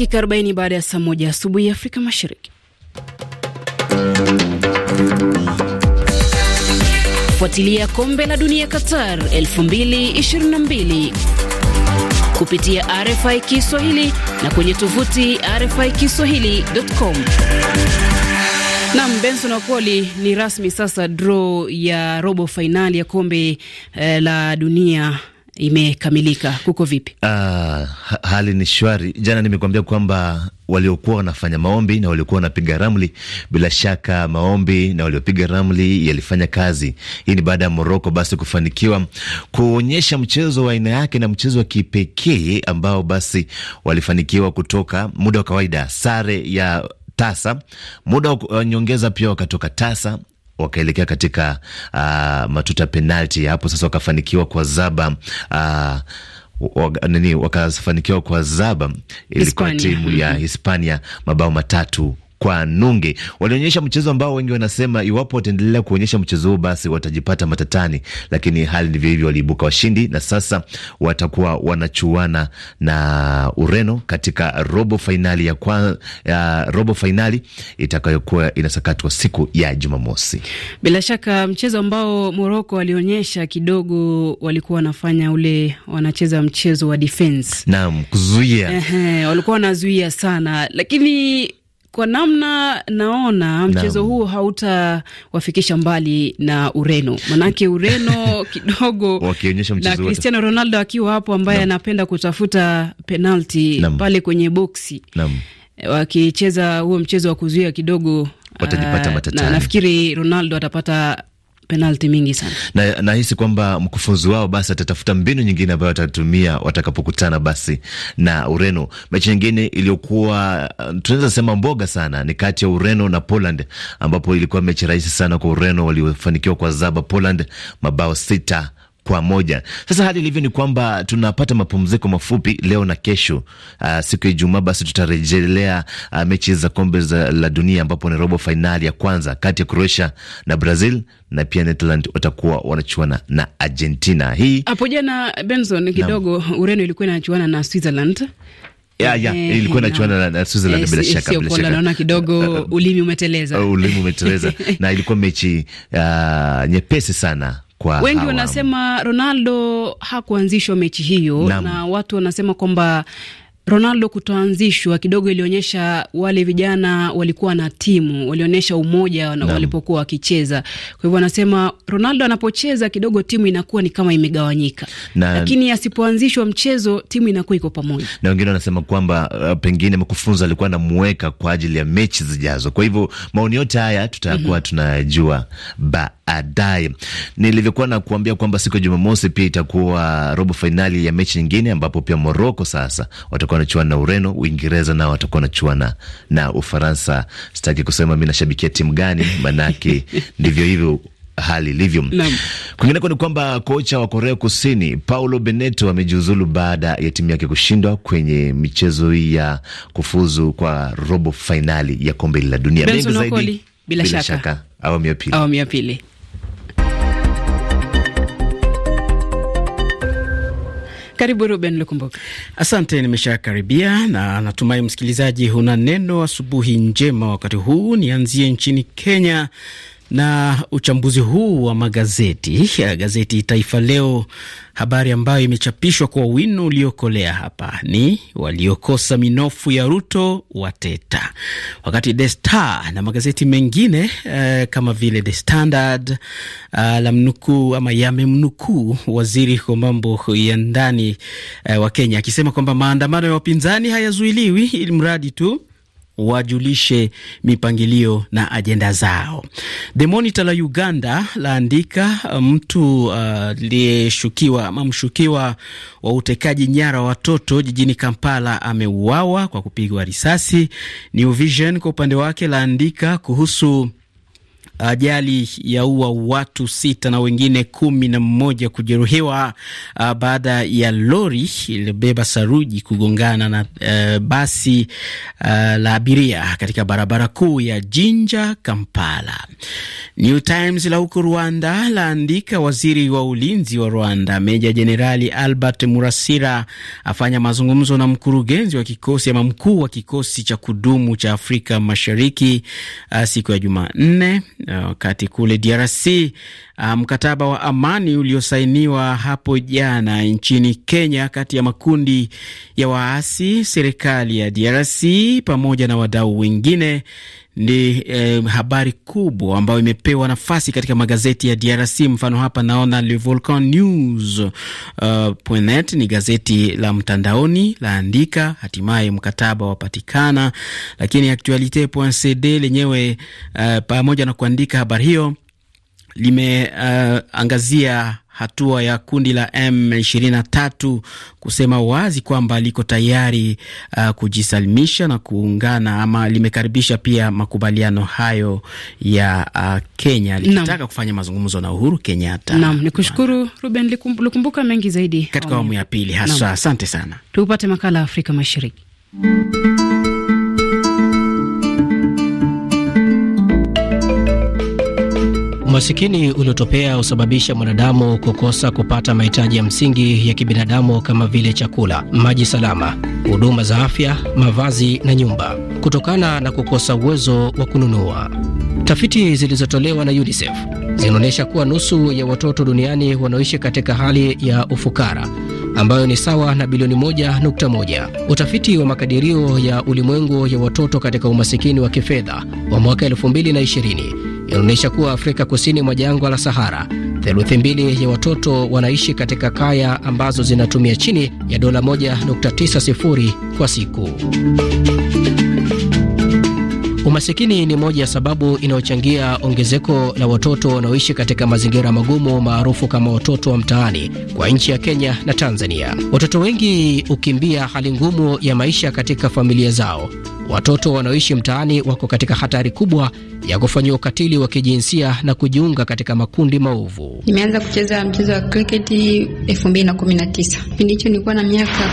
Dakika 40 baada ya saa moja asubuhi Afrika Mashariki. Fuatilia kombe la dunia Qatar 2022 kupitia RFI Kiswahili na kwenye tovuti RFI Kiswahili.com. Nam Benson Wakoli, ni rasmi sasa draw ya robo fainali ya kombe eh, la dunia imekamilika. Kuko vipi? Uh, hali ni shwari. Jana nimekuambia kwamba waliokuwa wanafanya maombi na waliokuwa wanapiga ramli, bila shaka maombi na waliopiga ramli yalifanya kazi. Hii ni baada ya Moroko basi kufanikiwa kuonyesha mchezo wa aina yake na mchezo wa kipekee ambao basi walifanikiwa kutoka muda wa kawaida sare ya tasa muda wa nyongeza pia wakatoka tasa wakaelekea katika uh, matuta penalti. Hapo sasa wakafanikiwa kwa zaba uh, nini wakafanikiwa kwa zaba, ilikuwa timu ya Hispania mabao matatu kwa nunge. Walionyesha mchezo ambao wengi wanasema iwapo wataendelea kuonyesha mchezo huu, basi watajipata matatani, lakini hali ndivyo hivyo, waliibuka washindi na sasa watakuwa wanachuana na Ureno katika robo fainali ya kwa, ya robo fainali itakayokuwa inasakatwa siku ya Jumamosi. Bila shaka mchezo ambao Moroko walionyesha kidogo, walikuwa wanafanya ule wanacheza mchezo wa defense. Naam, kuzuia. Ehe, walikuwa wanazuia sana lakini kwa namna naona mchezo na, huu hautawafikisha mbali na Ureno, manake Ureno kidogo na Cristiano Ronaldo akiwa hapo ambaye anapenda kutafuta penalti na, pale kwenye boksi eh, wakicheza huo mchezo wa kuzuia kidogo watajipata ah, matatani. Na, nafikiri Ronaldo atapata penalti mingi sana na nahisi kwamba mkufunzi wao basi atatafuta mbinu nyingine ambayo watatumia watakapokutana basi na Ureno. Mechi nyingine iliyokuwa uh, tunaweza sema mboga sana ni kati ya Ureno na Poland, ambapo ilikuwa mechi rahisi sana kwa Ureno waliofanikiwa kwa zaba Poland mabao sita kwa moja. Sasa hali ilivyo ni kwamba tunapata mapumziko mafupi leo na kesho. Uh, siku ya Ijumaa basi tutarejelea uh, mechi za kombe za la dunia ambapo ni robo fainali ya kwanza kati ya Croatia na Brazil na pia Netherland watakuwa wanachuana na Argentina. Hii hapo jana Benson kidogo na, Ureno ilikuwa inachuana na Switzerland ya, ya, eh, ilikuwa eh, inachuana na Switzerland eh, bila shaka, bila shaka. Naona kidogo ulimi umeteleza, ulimi umeteleza na ilikuwa mechi uh, nyepesi sana kwa wengi hawa. Wanasema Ronaldo hakuanzishwa mechi hiyo na, na watu wanasema kwamba Ronaldo kutoanzishwa kidogo ilionyesha wale vijana walikuwa na timu, walionyesha umoja na walipokuwa wakicheza. Kwa hivyo anasema Ronaldo anapocheza kidogo timu inakuwa ni kama imegawanyika, lakini asipoanzishwa mchezo timu inakuwa iko pamoja. Na wengine wanasema kwamba uh, pengine mkufunzi alikuwa anamuweka kwa ajili ya mechi zijazo. Kwa hivyo maoni yote haya tutakuwa mm -hmm. tunajua ba baadaye. Nilivyokuwa na kuambia kwamba siku ya Jumamosi pia itakuwa robo fainali ya mechi nyingine ambapo pia Moroko sasa watakuwa watakuwa wanachuana na Ureno, Uingereza nao watakuwa wanachuana na Ufaransa. Sitaki kusema mi nashabikia timu gani, maanake ndivyo hivyo hali ilivyo. Kwingineko ni kwamba kocha wa Korea Kusini Paulo Beneto amejiuzulu baada ya timu yake kushindwa kwenye michezo hii ya kufuzu kwa robo fainali ya kombe la dunia. Mengi zaidi bila, bila shaka, shaka awamu ya pili. Karibu Ruben Lukumbuka. Asante, nimeshakaribia na natumai msikilizaji huna neno asubuhi njema. Wakati huu nianzie nchini Kenya na uchambuzi huu wa magazeti ya gazeti Taifa Leo, habari ambayo imechapishwa kwa wino uliokolea hapa ni waliokosa minofu ya Ruto wateta, wakati The Star na magazeti mengine eh, kama vile The Standard ah, la mnukuu ama yamemnukuu waziri wa mambo ya ndani eh, wa Kenya akisema kwamba maandamano ya wapinzani hayazuiliwi ili mradi tu wajulishe mipangilio na ajenda zao. The Monitor la Uganda laandika uh, mtu uh, aliyeshukiwa uh, ama mshukiwa wa utekaji nyara watoto jijini Kampala ameuawa kwa kupigwa risasi. New Vision kwa upande wake laandika kuhusu Ajali yaua watu sita na wengine kumi na mmoja kujeruhiwa uh, baada ya lori iliyobeba saruji kugongana na uh, basi uh, la abiria katika barabara kuu ya Jinja Kampala. New Times la huko Rwanda laandika waziri wa ulinzi wa Rwanda Meja Jenerali Albert Murasira afanya mazungumzo na mkurugenzi wa kikosi ama mkuu wa kikosi cha kudumu cha Afrika Mashariki uh, siku ya Jumanne uh, Eh, wakati kule DRC ah, mkataba um, wa amani uliosainiwa hapo jana nchini Kenya kati ya makundi ya waasi, serikali ya DRC pamoja na wadau wengine ni eh, habari kubwa ambayo imepewa nafasi katika magazeti ya DRC. Mfano hapa naona Le Volcan News uh, eh, Pwenet, ni gazeti la mtandaoni laandika hatimaye mkataba wapatikana, lakini Actualite lenyewe uh, pamoja na kuandika habari hiyo limeangazia uh, hatua ya kundi la M23 kusema wazi kwamba liko tayari uh, kujisalimisha na kuungana ama limekaribisha pia makubaliano hayo ya uh, Kenya likitaka kufanya mazungumzo na Uhuru Kenyatta. Naam, nikushukuru Ruben, likumbuka mengi zaidi katika awamu ya pili haswa Asante sana. Tupate makala ya Afrika Mashariki. Umasikini uliotopea husababisha mwanadamu kukosa kupata mahitaji ya msingi ya kibinadamu kama vile chakula, maji salama, huduma za afya, mavazi na nyumba, kutokana na kukosa uwezo wa kununua. Tafiti zilizotolewa na UNICEF zinaonyesha kuwa nusu ya watoto duniani wanaoishi katika hali ya ufukara ambayo ni sawa na bilioni moja nukta moja. Utafiti wa makadirio ya ulimwengu ya watoto katika umasikini wa kifedha wa mwaka 220 inaonyesha kuwa Afrika kusini mwa jangwa la Sahara, theluthi mbili ya watoto wanaishi katika kaya ambazo zinatumia chini ya dola 1.90 kwa siku. Umasikini ni moja ya sababu inayochangia ongezeko la watoto wanaoishi katika mazingira magumu maarufu kama watoto wa mtaani kwa nchi ya Kenya na Tanzania. Watoto wengi hukimbia hali ngumu ya maisha katika familia zao. Watoto wanaoishi mtaani wako katika hatari kubwa ya kufanyia ukatili wa kijinsia na kujiunga katika makundi maovu. Nimeanza kucheza mchezo wa kriketi tisa. Kipindi hicho nilikuwa na miaka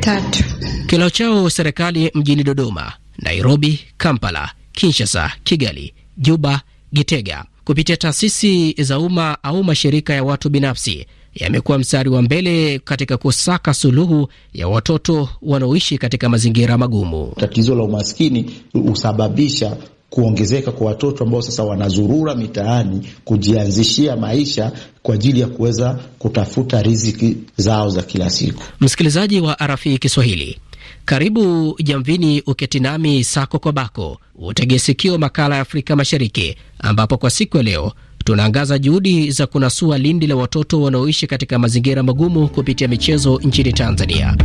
tatu. Kilao chao serikali mjini Dodoma Nairobi, Kampala, Kinshasa, Kigali, Juba, Gitega kupitia taasisi za umma au mashirika ya watu binafsi yamekuwa mstari wa mbele katika kusaka suluhu ya watoto wanaoishi katika mazingira magumu. Tatizo la umaskini husababisha kuongezeka kwa watoto ambao sasa wanazurura mitaani kujianzishia maisha kwa ajili ya kuweza kutafuta riziki zao za kila siku. Msikilizaji wa RFI Kiswahili, karibu Jamvini, uketi nami sako kwa bako, utegesikio makala ya Afrika Mashariki, ambapo kwa siku ya leo tunaangaza juhudi za kunasua lindi la watoto wanaoishi katika mazingira magumu kupitia michezo nchini Tanzania.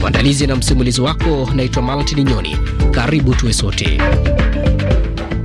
Mwandalizi na msimulizi wako naitwa Maltin Nyoni. Karibu tuwe sote.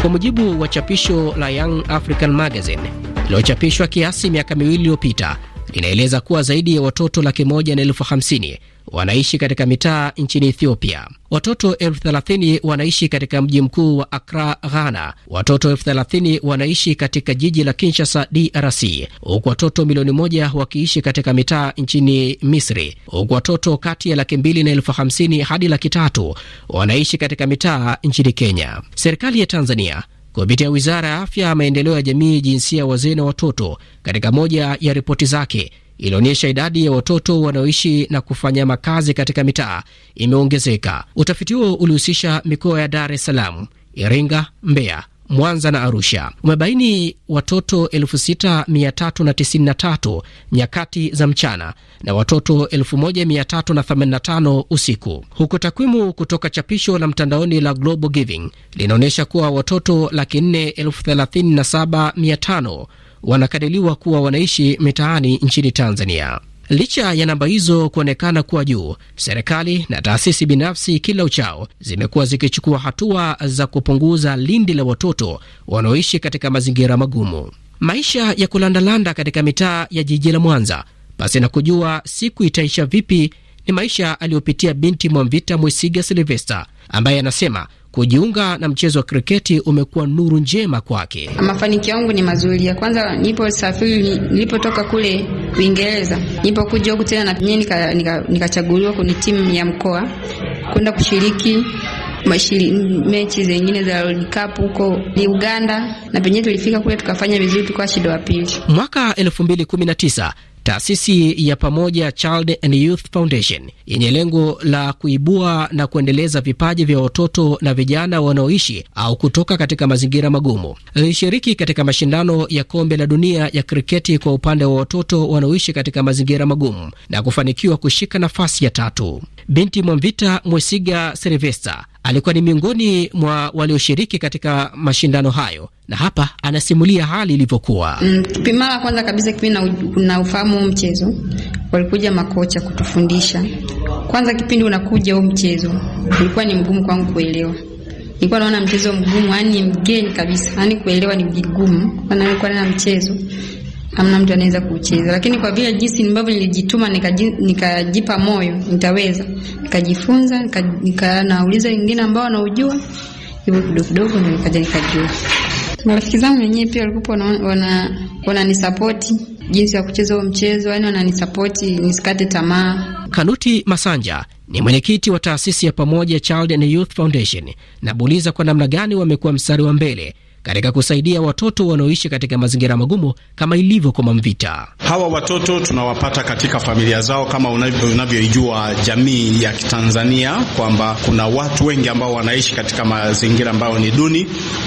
Kwa mujibu wa chapisho la Young African Magazine lililochapishwa kiasi miaka miwili iliyopita linaeleza kuwa zaidi ya watoto laki moja na elfu hamsini wanaishi katika mitaa nchini Ethiopia. Watoto elfu thelathini wanaishi katika mji mkuu wa Akra, Ghana. Watoto elfu thelathini wanaishi katika jiji la Kinshasa, DRC, huku watoto milioni moja wakiishi katika mitaa nchini Misri, huku watoto kati ya laki mbili na elfu hamsini hadi laki tatu wanaishi katika mitaa nchini Kenya. Serikali ya Tanzania kupitia Wizara ya Afya, Maendeleo ya Jamii, Jinsia, Wazee na Watoto, katika moja ya ripoti zake ilionyesha idadi ya watoto wanaoishi na kufanya makazi katika mitaa imeongezeka. Utafiti huo ulihusisha mikoa ya Dar es Salaam, Iringa, Mbeya Mwanza na Arusha umebaini watoto 6393 nyakati za mchana na watoto 1385 usiku, huku takwimu kutoka chapisho la mtandaoni la Global Giving linaonyesha kuwa watoto laki 4 37500 wanakadiriwa kuwa wanaishi mitaani nchini Tanzania. Licha ya namba hizo kuonekana kuwa juu, serikali na taasisi binafsi kila uchao zimekuwa zikichukua hatua za kupunguza lindi la watoto wanaoishi katika mazingira magumu. Maisha ya kulandalanda katika mitaa ya jiji la Mwanza pasi na kujua siku itaisha vipi, ni maisha aliyopitia binti Mwamvita Mwisiga Silvesta ambaye anasema Kujiunga na mchezo wa kriketi umekuwa nuru njema kwake. Mafanikio yangu ni mazuri. Ya kwanza niliposafiri, nilipotoka kule Uingereza, nilipokuja huku tena na mimi nikachaguliwa nika, nika kwenye timu ya mkoa kwenda kushiriki mashiri, mechi zengine za World Cup huko ni Uganda, na penyewe tulifika kule tukafanya vizuri, tukawa shida wa pili mwaka 2019. Taasisi ya pamoja Child and Youth Foundation yenye lengo la kuibua na kuendeleza vipaji vya watoto na vijana wanaoishi au kutoka katika mazingira magumu ilishiriki katika mashindano ya kombe la dunia ya kriketi kwa upande wa watoto wanaoishi katika mazingira magumu na kufanikiwa kushika nafasi ya tatu binti Mwamvita Mwesiga Serevesta alikuwa ni miongoni mwa walioshiriki katika mashindano hayo, na hapa anasimulia hali ilivyokuwa. Mm, mara kwanza kabisa kipindi na ufahamu huu mchezo, walikuja makocha kutufundisha. Kwanza kipindi unakuja huu mchezo ulikuwa ni mgumu kwangu kuelewa, nilikuwa naona mchezo mgumu, yani mgeni kabisa, yani kuelewa ni vigumu, nilikuwa na mchezo amna mtu anaweza kucheza, lakini kwa vile jinsi ambavyo nilijituma nikajipa nika moyo, nitaweza nikajifunza, nikanauliza wengine ambao wanaujua, hivyo kidogo kidogo ndio nikaja nikajua. Marafiki zangu wenyewe pia walikuwa wana wananisapoti jinsi ya kucheza huo mchezo, yani wananisapoti nisikate tamaa. Kanuti Masanja ni mwenyekiti wa taasisi ya pamoja Child and Youth Foundation. Nabuliza kwa namna gani wamekuwa mstari wa mbele katika kusaidia watoto wanaoishi katika mazingira magumu kama ilivyo kwa Mamvita. Hawa watoto tunawapata katika familia zao, kama unavyoijua jamii ya Kitanzania kwamba kuna watu wengi ambao wanaishi katika mazingira ambayo ni duni,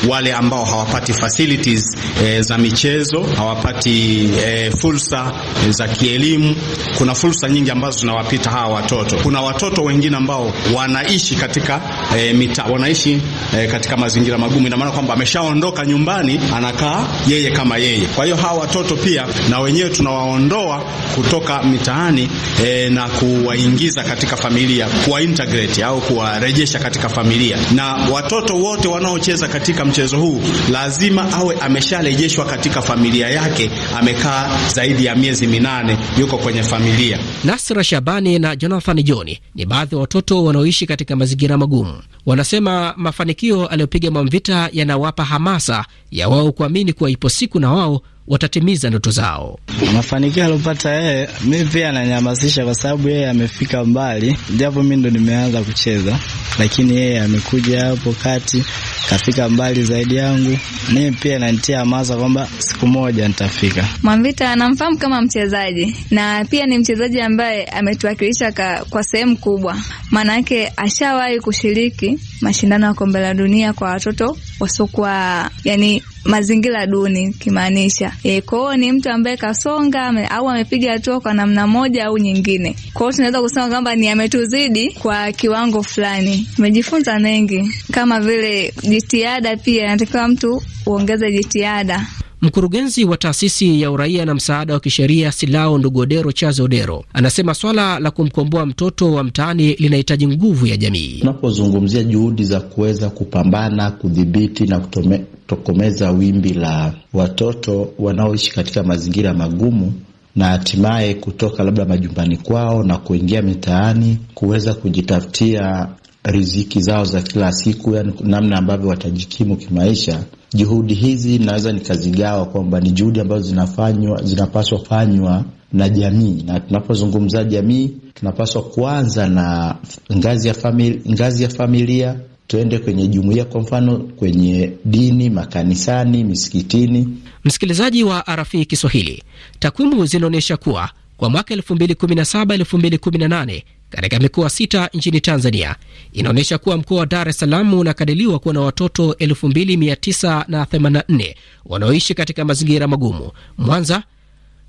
wale ambao hawapati facilities e, za michezo, hawapati e, fursa e, za kielimu. Kuna fursa nyingi ambazo zinawapita hawa watoto. Kuna watoto wengine ambao wanaishi katika e, mita, wanaishi e, katika mazingira magumu. Ina maana kwamba ameshaondoka nyumbani, anakaa yeye kama yeye. Kwa hiyo hawa watoto pia na wenyewe tunawaondoa kutoka mitaani e, na kuwaingiza katika familia, integrate au kuwarejesha katika familia. Na watoto wote wanaocheza katika mchezo huu lazima awe amesharejeshwa katika familia yake, amekaa zaidi ya miezi minane, yuko kwenye familia. Nasra Shabani na Jonathan John ni baadhi ya watoto wanaoishi katika mazingira magumu. Wanasema mafanikio aliyopiga Mwamvita yanawapa hamasa ya wao kuamini kuwa ipo siku na wao watatimiza ndoto zao. Mafanikio aliopata yeye, mi pia ananyamazisha kwa sababu yeye amefika mbali, japo mi ndo nimeanza kucheza, lakini yeye amekuja hapo kati kafika mbali zaidi yangu. Mimi pia nanitia hamasa kwamba siku moja nitafika. Mwamvita anamfahamu kama mchezaji na pia ni mchezaji ambaye ametuwakilisha kwa sehemu kubwa, yake ashawahi kushiriki mashindano ya kombe la dunia kwa watoto wasiokuwa yani mazingira duni kimaanisha. E, kwa ni mtu ambaye kasonga me, au amepiga hatua kwa namna moja au nyingine. Kwao tunaweza kusema kwamba ni ametuzidi kwa kiwango fulani. Tumejifunza mengi kama vile jitihada, pia inatakiwa mtu uongeze jitihada. Mkurugenzi wa taasisi ya uraia na msaada wa kisheria Silao Ndugu Odero Chazo Odero anasema swala la kumkomboa mtoto wa mtaani linahitaji nguvu ya jamii. Tunapozungumzia juhudi za kuweza kupambana, kudhibiti na kutome kutokomeza wimbi la watoto wanaoishi katika mazingira magumu na hatimaye kutoka labda majumbani kwao na kuingia mitaani kuweza kujitafutia riziki zao za kila siku, yani namna ambavyo watajikimu kimaisha. Juhudi hizi naweza nikazigawa kwamba ni juhudi ambazo zinafanywa, zinapaswa fanywa na jamii, na tunapozungumza jamii tunapaswa kuanza na ngazi ya famili, ngazi ya familia tuende kwenye jumuiya, kwa mfano kwenye dini, makanisani, misikitini. Msikilizaji wa RFI Kiswahili, takwimu zinaonyesha kuwa kwa mwaka 2017 2018 katika mikoa sita nchini Tanzania inaonyesha kuwa mkoa wa Dar es Salaam unakadiriwa kuwa na watoto 2984 wanaoishi katika mazingira magumu. Mwanza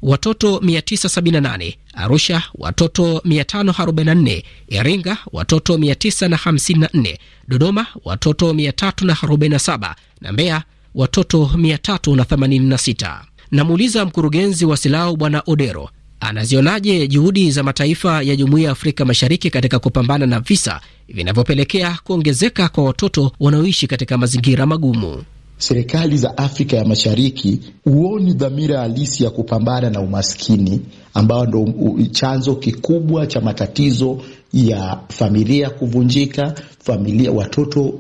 watoto 978, Arusha watoto 544, Iringa watoto 954, Dodoma watoto 347 na Mbeya watoto 386. Namuuliza mkurugenzi wa Silau Bwana Odero anazionaje juhudi za mataifa ya Jumuiya ya Afrika Mashariki katika kupambana na visa vinavyopelekea kuongezeka kwa watoto wanaoishi katika mazingira magumu serikali za Afrika ya Mashariki huoni dhamira halisi ya kupambana na umaskini ambao ndo chanzo kikubwa cha matatizo ya familia kuvunjika, familia watoto,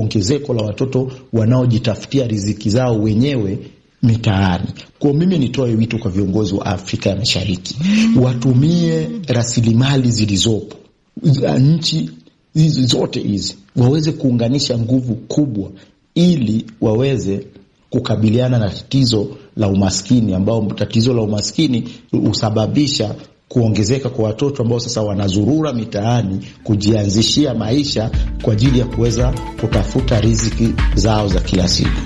ongezeko la watoto wanaojitafutia riziki zao wenyewe mitaani. Kwa mimi nitoe wito kwa viongozi wa Afrika ya Mashariki watumie rasilimali zilizopo nchi hizi zote hizi waweze kuunganisha nguvu kubwa ili waweze kukabiliana na tatizo la umaskini, ambao tatizo la umaskini husababisha kuongezeka kwa watoto ambao sasa wanazurura mitaani kujianzishia maisha kwa ajili ya kuweza kutafuta riziki zao za kila siku.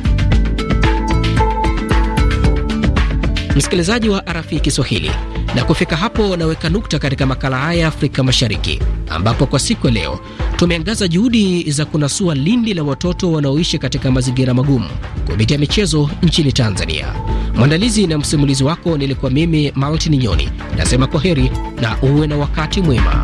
Msikilizaji wa RFI Kiswahili, na kufika hapo naweka nukta katika makala haya ya Afrika Mashariki ambapo kwa siku ya leo tumeangaza juhudi za kunasua lindi la watoto wanaoishi katika mazingira magumu kupitia michezo nchini Tanzania. Mwandalizi na msimulizi wako nilikuwa mimi Maltin Nyoni, nasema kwa heri na uwe na wakati mwema.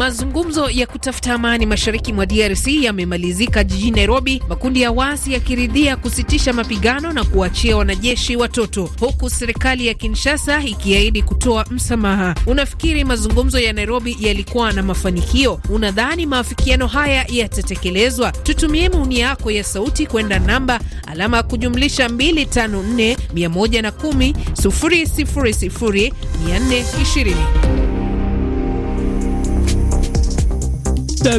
Mazungumzo ya kutafuta amani mashariki mwa DRC yamemalizika jijini Nairobi, makundi ya waasi yakiridhia kusitisha mapigano na kuachia wanajeshi watoto, huku serikali ya Kinshasa ikiahidi kutoa msamaha. Unafikiri mazungumzo ya Nairobi yalikuwa na mafanikio? Unadhani maafikiano haya yatatekelezwa? Tutumie maoni yako ya sauti kwenda namba alama ya kujumlisha 254 110 000 420.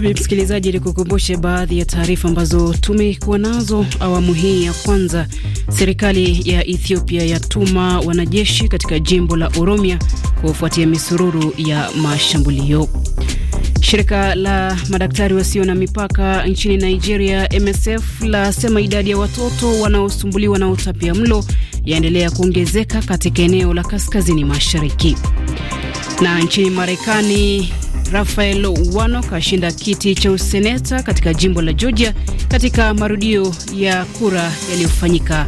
Msikilizaji, ni kukumbushe baadhi ya taarifa ambazo tumekuwa nazo awamu hii ya kwanza. Serikali ya Ethiopia yatuma wanajeshi katika jimbo la Oromia kufuatia misururu ya mashambulio. Shirika la madaktari wasio na mipaka nchini Nigeria, MSF, lasema idadi ya watoto wanaosumbuliwa na utapia mlo yaendelea kuongezeka katika eneo la kaskazini mashariki. Na nchini Marekani, Rafael Wanok ashinda kiti cha useneta katika jimbo la Georgia katika marudio ya kura yaliyofanyika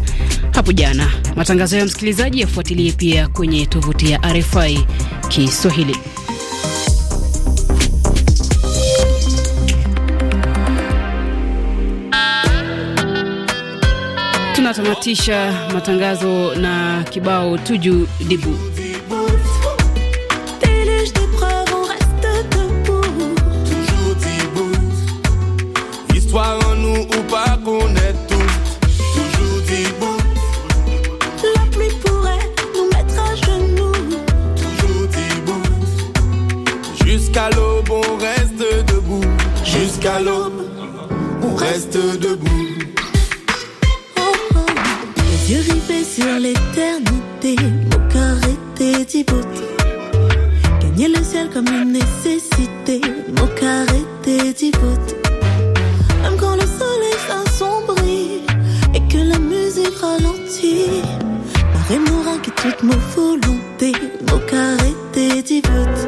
hapo jana. Matangazo ya msikilizaji yafuatilie pia kwenye tovuti ya RFI Kiswahili. Tunatamatisha matangazo na kibao tuju dibu. reste debout. Les yeux rivés sur l'éternité, mon cœur était d'hypothèse. Gagner le ciel comme une nécessité, mon cœur était d'hypothèse. Même quand le soleil s'assombrit et que la musique ralentit, par et que qui toute ma volonté, mon cœur était d'hypothèse.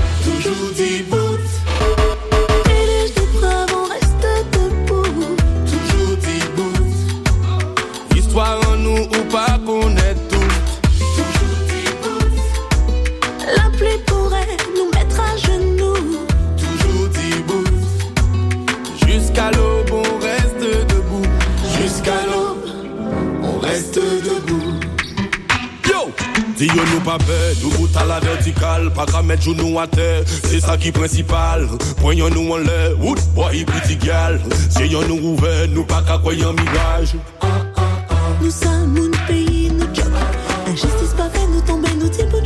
pas peur, nous bout à la verticale, pas qu'à mettre nous à terre, c'est ça qui est principal. Poignons-nous en l'air, wood boy, petit gal, nous ouvert. nous pas qu'à croire en mirage. Nous sommes un pays, nous choc, injustice pas fait, nous tomber, nous type au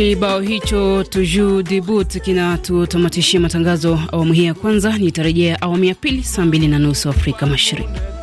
Kibao hicho tuju debut kinatutamatishia matangazo awamu hii ya kwanza. Nitarejea awamu ya pili saa mbili na nusu Afrika Mashariki.